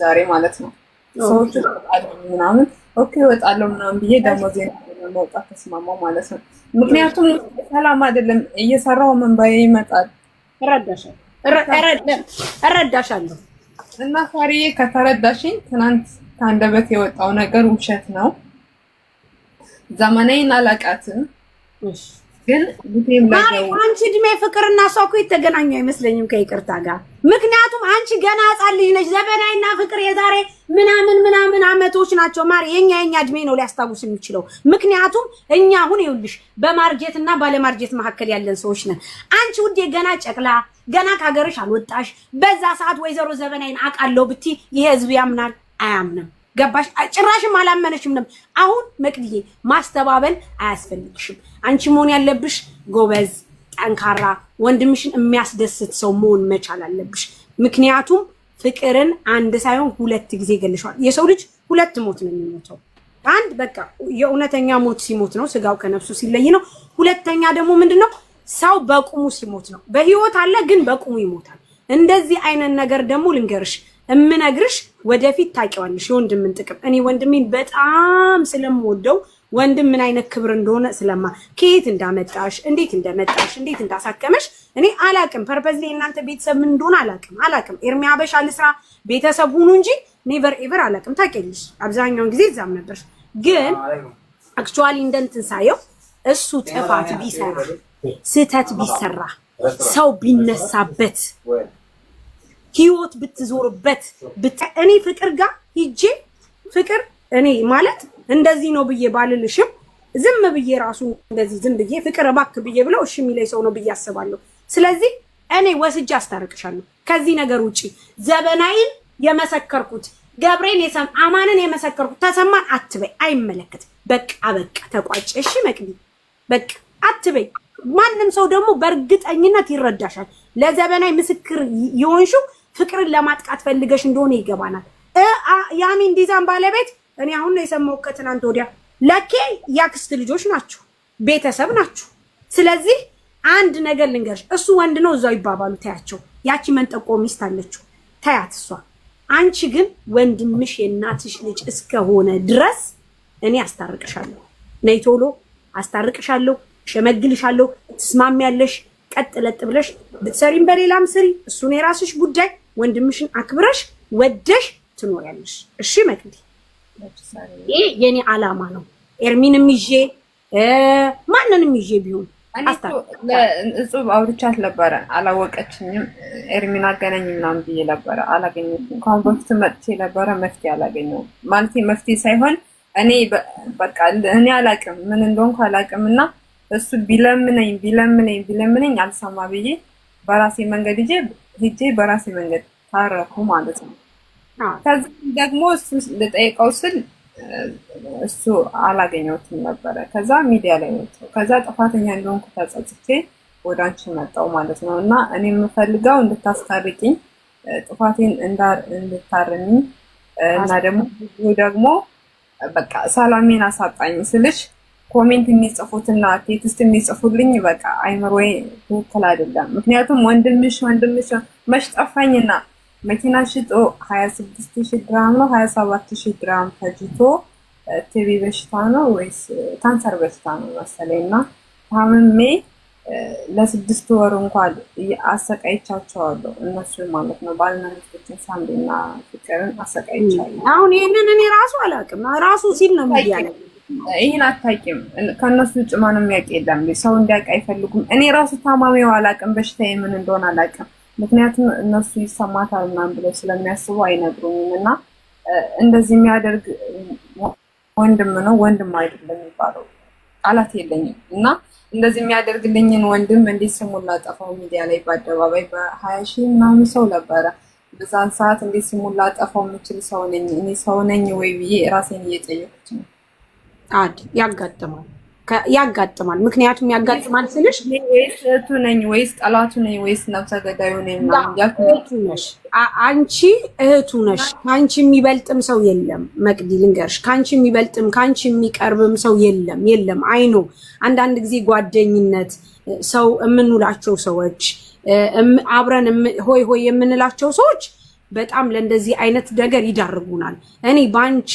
ዛሬ ማለት ነው። ሰዎቹ ምናምን ኦኬ እወጣለሁ ምናምን ብዬ ደግሞ ዜና መውጣት ተስማማው ማለት ነው። ምክንያቱም ሰላም አይደለም እየሰራው መንባዬ ይመጣል። እረዳሻለሁ እና ሳሪዬ ከተረዳሽኝ፣ ትናንት ከአንደበት የወጣው ነገር ውሸት ነው። ዘመናዊን አላቃትም ግን አንቺ እድሜ ፍቅርና እሷ እኮ የተገናኙ አይመስለኝም ከይቅርታ ጋር። ምክንያቱም አንቺ ገና ህፃን ልጅ ነች። ዘበናይና ፍቅር የዛሬ ምናምን ምናምን አመቶች ናቸው። ማር የኛ የኛ እድሜ ነው ሊያስታውስ የሚችለው ምክንያቱም እኛ አሁን ይኸውልሽ በማርጀት እና ባለማርጀት መካከል ያለን ሰዎች ነን። አንቺ ውዴ ገና ጨቅላ ገና ከሀገርሽ አልወጣሽ። በዛ ሰዓት ወይዘሮ ዘበናይን አውቃለሁ ብቲ ይሄ ህዝብ ያምናል አያምንም? ገባሽ? ጭራሽም አላመነሽም ነበር። አሁን መቅድዬ ማስተባበል አያስፈልግሽም። አንቺ መሆን ያለብሽ ጎበዝ፣ ጠንካራ፣ ወንድምሽን የሚያስደስት ሰው መሆን መቻል አለብሽ። ምክንያቱም ፍቅርን አንድ ሳይሆን ሁለት ጊዜ ገልሸዋል። የሰው ልጅ ሁለት ሞት ነው የሚሞተው። አንድ በቃ የእውነተኛ ሞት ሲሞት ነው፣ ስጋው ከነፍሱ ሲለይ ነው። ሁለተኛ ደግሞ ምንድን ነው ሰው በቁሙ ሲሞት ነው። በህይወት አለ ግን በቁሙ ይሞታል። እንደዚህ አይነት ነገር ደግሞ ልንገርሽ እምነግርሽ ወደፊት ታውቂዋለሽ የወንድምን ጥቅም። እኔ ወንድሜን በጣም ስለምወደው ወንድም ምን አይነት ክብር እንደሆነ ስለማ ከየት እንዳመጣሽ እንዴት እንደመጣሽ እንዴት እንዳሳከመሽ እኔ አላቅም። ፐርፐዝ እናንተ ቤተሰብ ምን እንደሆነ አላቅም አላቅም። ኤርሚያ አበሻ ልስራ ቤተሰብ ሁኑ እንጂ ኔቨር ኤቨር አላቅም። ታውቂያለሽ፣ አብዛኛውን ጊዜ እዛም ነበርሽ። ግን አክቹዋሊ እንደንትን ሳየው እሱ ጥፋት ቢሰራ ስህተት ቢሰራ ሰው ቢነሳበት ህይወት ብትዞርበት እኔ ፍቅር ጋር ሂጄ ፍቅር እኔ ማለት እንደዚህ ነው ብዬ ባልልሽም ዝም ብዬ ራሱ እንደዚህ ዝም ብዬ ፍቅር እባክ ብዬ ብለው እሺ የሚለኝ ሰው ነው ብዬ አስባለሁ። ስለዚህ እኔ ወስጄ አስታርቅሻለሁ ከዚህ ነገር ውጪ። ዘበናይን የመሰከርኩት ገብሬን የሰም አማንን የመሰከርኩት ተሰማን አትበይ፣ አይመለከትም። በቃ በቃ ተቋጭ። እሺ መቅዲ በቃ አትበይ። ማንም ሰው ደግሞ በእርግጠኝነት ይረዳሻል። ለዘበናይ ምስክር የሆንሽው ፍቅርን ለማጥቃት ፈልገሽ እንደሆነ ይገባናል። የአሚን ዲዛን ባለቤት እኔ አሁን ነው የሰማው ከትናንት ወዲያ። ለኬ ያክስት ልጆች ናችሁ፣ ቤተሰብ ናችሁ። ስለዚህ አንድ ነገር ልንገርሽ፣ እሱ ወንድ ነው እዛው ይባባሉ። ታያቸው፣ ያቺ መንጠቆ ሚስት አለችው፣ ታያት እሷ። አንቺ ግን ወንድምሽ የእናትሽ ልጅ እስከሆነ ድረስ እኔ አስታርቅሻለሁ፣ ነይ ቶሎ አስታርቅሻለሁ፣ ሸመግልሻለሁ፣ ትስማሚያለሽ ቀጥ ለጥ ብለሽ ብትሰሪም በሌላም ስሪ፣ እሱን የራስሽ ጉዳይ። ወንድምሽን አክብረሽ ወደሽ ትኖሪያለሽ። እሺ መቅዲ፣ ይህ የኔ አላማ ነው። ኤርሚንም ይዤ ማንንም ይዤ ቢሆን እጹብ አውርቻት ነበረ። አላወቀችኝም። ኤርሚን አገናኝ ምናምን ብዬ ነበረ፣ አላገኘችም። ከአሁን በፊት መጥቼ ነበረ፣ መፍትሄ አላገኘሁም። ማለት መፍትሄ ሳይሆን እኔ በቃ እኔ አላቅም ምን እንደሆንኩ አላቅም እና እሱ ቢለምነኝ ቢለምነኝ ቢለምነኝ አልሰማ ብዬ በራሴ መንገድ ሄጄ ሄጄ በራሴ መንገድ ታረኩ ማለት ነው። ከዚህ ደግሞ እሱ ልጠይቀው ስል እሱ አላገኘሁትም ነበረ። ከዛ ሚዲያ ላይ መጣሁ። ከዛ ጥፋተኛ እንደሆንኩ ተጸጽቼ ወደ አንቺ ማለት ነው እና እኔ የምፈልገው እንድታስታርቂኝ፣ ጥፋቴን እንድታርሚኝ እና ደግሞ ደግሞ በቃ ሰላሜን አሳጣኝ ስልሽ ኮሜንት የሚጽፉትና ቴክስት የሚጽፉልኝ በቃ አይምሮ ትክክል አይደለም። ምክንያቱም ወንድምሽ ወንድምሽ መች ጠፋኝና መኪና ሽጦ ሀያ ስድስት ሺ ግራም ነው ሀያ ሰባት ሺ ግራም ፈጅቶ ቲቪ በሽታ ነው ወይስ ካንሰር በሽታ ነው መሰለኝ እና ታምሜ ለስድስት ወር እንኳን አሰቃይቻቸዋለሁ። እነሱ ማለት ነው ባልና ሚስቶችን ሳምሪና ፍቅርን አሰቃይቻለሁ። አሁን ይህንን እኔ ራሱ አላውቅም። ራሱ ሲል ነው ያለ ይህን አታውቂም። ከእነሱ ውጭ ማንም የሚያውቅ የለም። ሰው እንዲያውቅ አይፈልጉም። እኔ ራሱ ታማሚው አላውቅም፣ በሽታዬ ምን እንደሆነ አላውቅም። ምክንያቱም እነሱ ይሰማታል ምናምን ብለው ስለሚያስቡ አይነግሩኝም። እና እንደዚህ የሚያደርግ ወንድም ነው ወንድም አይደለም የሚባለው ቃላት የለኝም። እና እንደዚህ የሚያደርግልኝን ወንድም እንዴት ስሙን ላጠፋው ሚዲያ ላይ በአደባባይ በሀያ ሺህ ምናምን ሰው ነበረ በዛን ሰዓት እንዴት ስሙን ላጠፋው የምችል ሰው ነኝ እኔ ሰው ነኝ ወይ ብዬ ራሴን እየጠየኩት ነው። አድ ያጋጥማል ያጋጥማል ምክንያቱም ያጋጥማል ስልሽ ወይስ እህቱ ነኝ ወይስ ጠላቱ ነኝ ወይስ ነፍሰ ገዳዩ ነኝ ነሽ አንቺ እህቱ ነሽ ከአንቺ የሚበልጥም ሰው የለም መቅዲ ልንገርሽ ከአንቺ የሚበልጥም ከአንቺ የሚቀርብም ሰው የለም የለም አይኖ አንዳንድ ጊዜ ጓደኝነት ሰው የምንውላቸው ሰዎች አብረን ሆይ ሆይ የምንላቸው ሰዎች በጣም ለእንደዚህ አይነት ነገር ይዳርጉናል። እኔ በአንቺ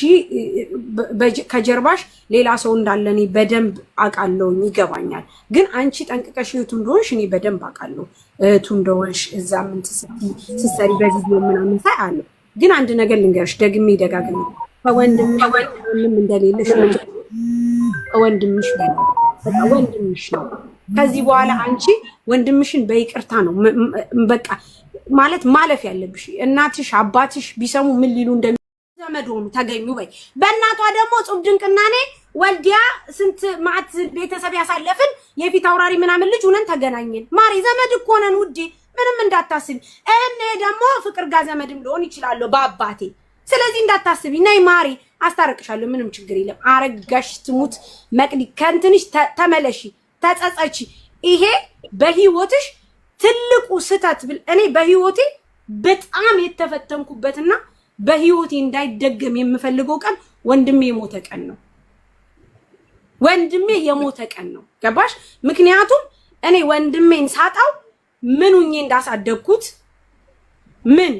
ከጀርባሽ ሌላ ሰው እንዳለ እኔ በደንብ አውቃለሁኝ፣ ይገባኛል። ግን አንቺ ጠንቅቀሽ እህቱ እንደሆንሽ እኔ በደንብ አውቃለሁ። እህቱ እንደሆንሽ እዛ ምን ስትሰሪ በቪዲዮ ምናምን ሳይ አለው። ግን አንድ ነገር ልንገርሽ ደግሜ ደጋግሜ ከወንድምም እንደሌለሽ ወንድምሽ ወንድምሽ ነው። ከዚህ በኋላ አንቺ ወንድምሽን በይቅርታ ነው በቃ ማለት ማለፍ ያለብሽ እናትሽ አባትሽ ቢሰሙ ምን ሊሉ እንደሚ ዘመድ ሆኑ ተገኙ በይ። በእናቷ ደግሞ ጽብ ድንቅናኔ ወልዲያ ስንት ማዕት ቤተሰብ ያሳለፍን የፊት አውራሪ ምናምን ልጅ ሁነን ተገናኘን። ማሪ ዘመድ እኮ ነን ውዴ፣ ምንም እንዳታስቢ። እኔ ደግሞ ፍቅር ጋር ዘመድም ልሆን ይችላለሁ በአባቴ ስለዚህ እንዳታስቢ። ነይ ማሪ፣ አስታረቅሻለሁ፣ ምንም ችግር የለም። አረጋሽ ትሙት መቅዲ ከንትንሽ ተመለሺ፣ ተጸጸቺ። ይሄ በህይወትሽ ትልቁ ስህተት እኔ በህይወቴ በጣም የተፈተንኩበትና በህይወቴ እንዳይደገም የምፈልገው ቀን ወንድሜ የሞተ ቀን ነው። ወንድሜ የሞተ ቀን ነው። ገባሽ? ምክንያቱም እኔ ወንድሜን ሳጣው ምን ሁኜ እንዳሳደግኩት ምን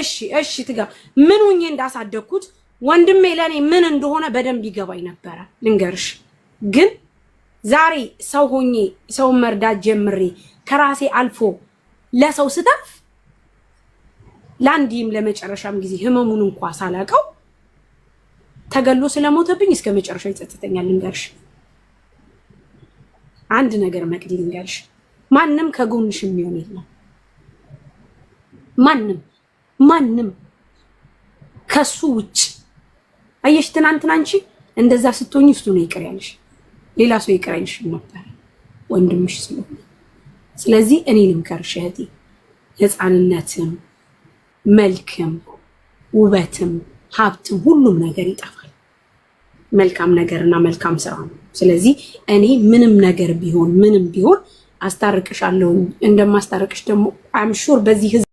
እሺ፣ እሺ ትጋ ምን ሁኜ እንዳሳደግኩት ወንድሜ ለእኔ ምን እንደሆነ በደንብ ይገባኝ ነበረ። ልንገርሽ ግን ዛሬ ሰው ሆኜ ሰውን መርዳት ጀምሬ ከራሴ አልፎ ለሰው ስተፍ ለአንድም ለመጨረሻም ጊዜ ህመሙን እንኳ ሳላቀው ተገሎ ስለሞተብኝ እስከ መጨረሻ ይጸጥተኛል። ልንገርሽ አንድ ነገር መቅዲ፣ ልንገርሽ ማንም ከጎንሽ የሚሆን የለም። ማንም ማንም ከሱ ውጭ አየሽ፣ ትናንትና አንቺ እንደዛ ስትሆኝ እሱ ነው ይቅር ያለሽ፣ ሌላ ሰው ይቅር አይልሽም ነበር ወንድምሽ ስለሆነ ስለዚህ እኔ ልምከርሽ እህቴ፣ ህፃንነትም፣ መልክም፣ ውበትም፣ ሀብትም ሁሉም ነገር ይጠፋል። መልካም ነገር እና መልካም ስራ ነው። ስለዚህ እኔ ምንም ነገር ቢሆን ምንም ቢሆን አስታርቅሻለሁ። እንደማስታርቅሽ ደግሞ አምሹር በዚህ